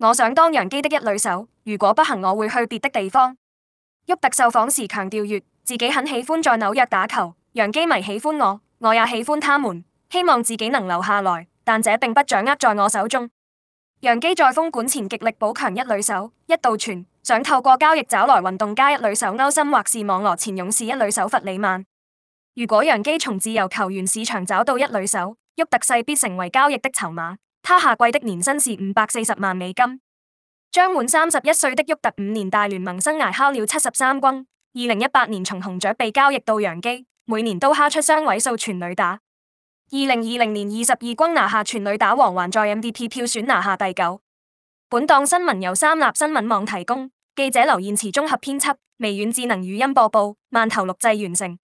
我想當洋基的一壘手，如果不行我會去別的地方。沃特受訪時強調說，自己很喜歡在紐約打球，洋基迷喜歡我，我也喜歡他們，希望自己能留下來，但這並不掌握在我手中。洋基在封館前極力補強一壘手，一度傳想透過交易找來運動家一壘手歐森，或是網羅前勇士一壘手弗里曼。如果洋基從自由球員市場找到一壘手，沃特勢必成為交易的籌碼。他下季的年薪是五百四十萬美金。將滿三十一歲的沃特五年大聯盟生涯敲了七十三轟。二零一八年從紅雀被交易到洋基，每年都敲出雙位數全壘打。二零二零年二十二轟拿下全壘打王，還在 MVP 票選拿下第九。本檔新聞由三立新聞網提供，記者劉燕池綜合編輯，微軟智能語音播報，饅頭錄製完成。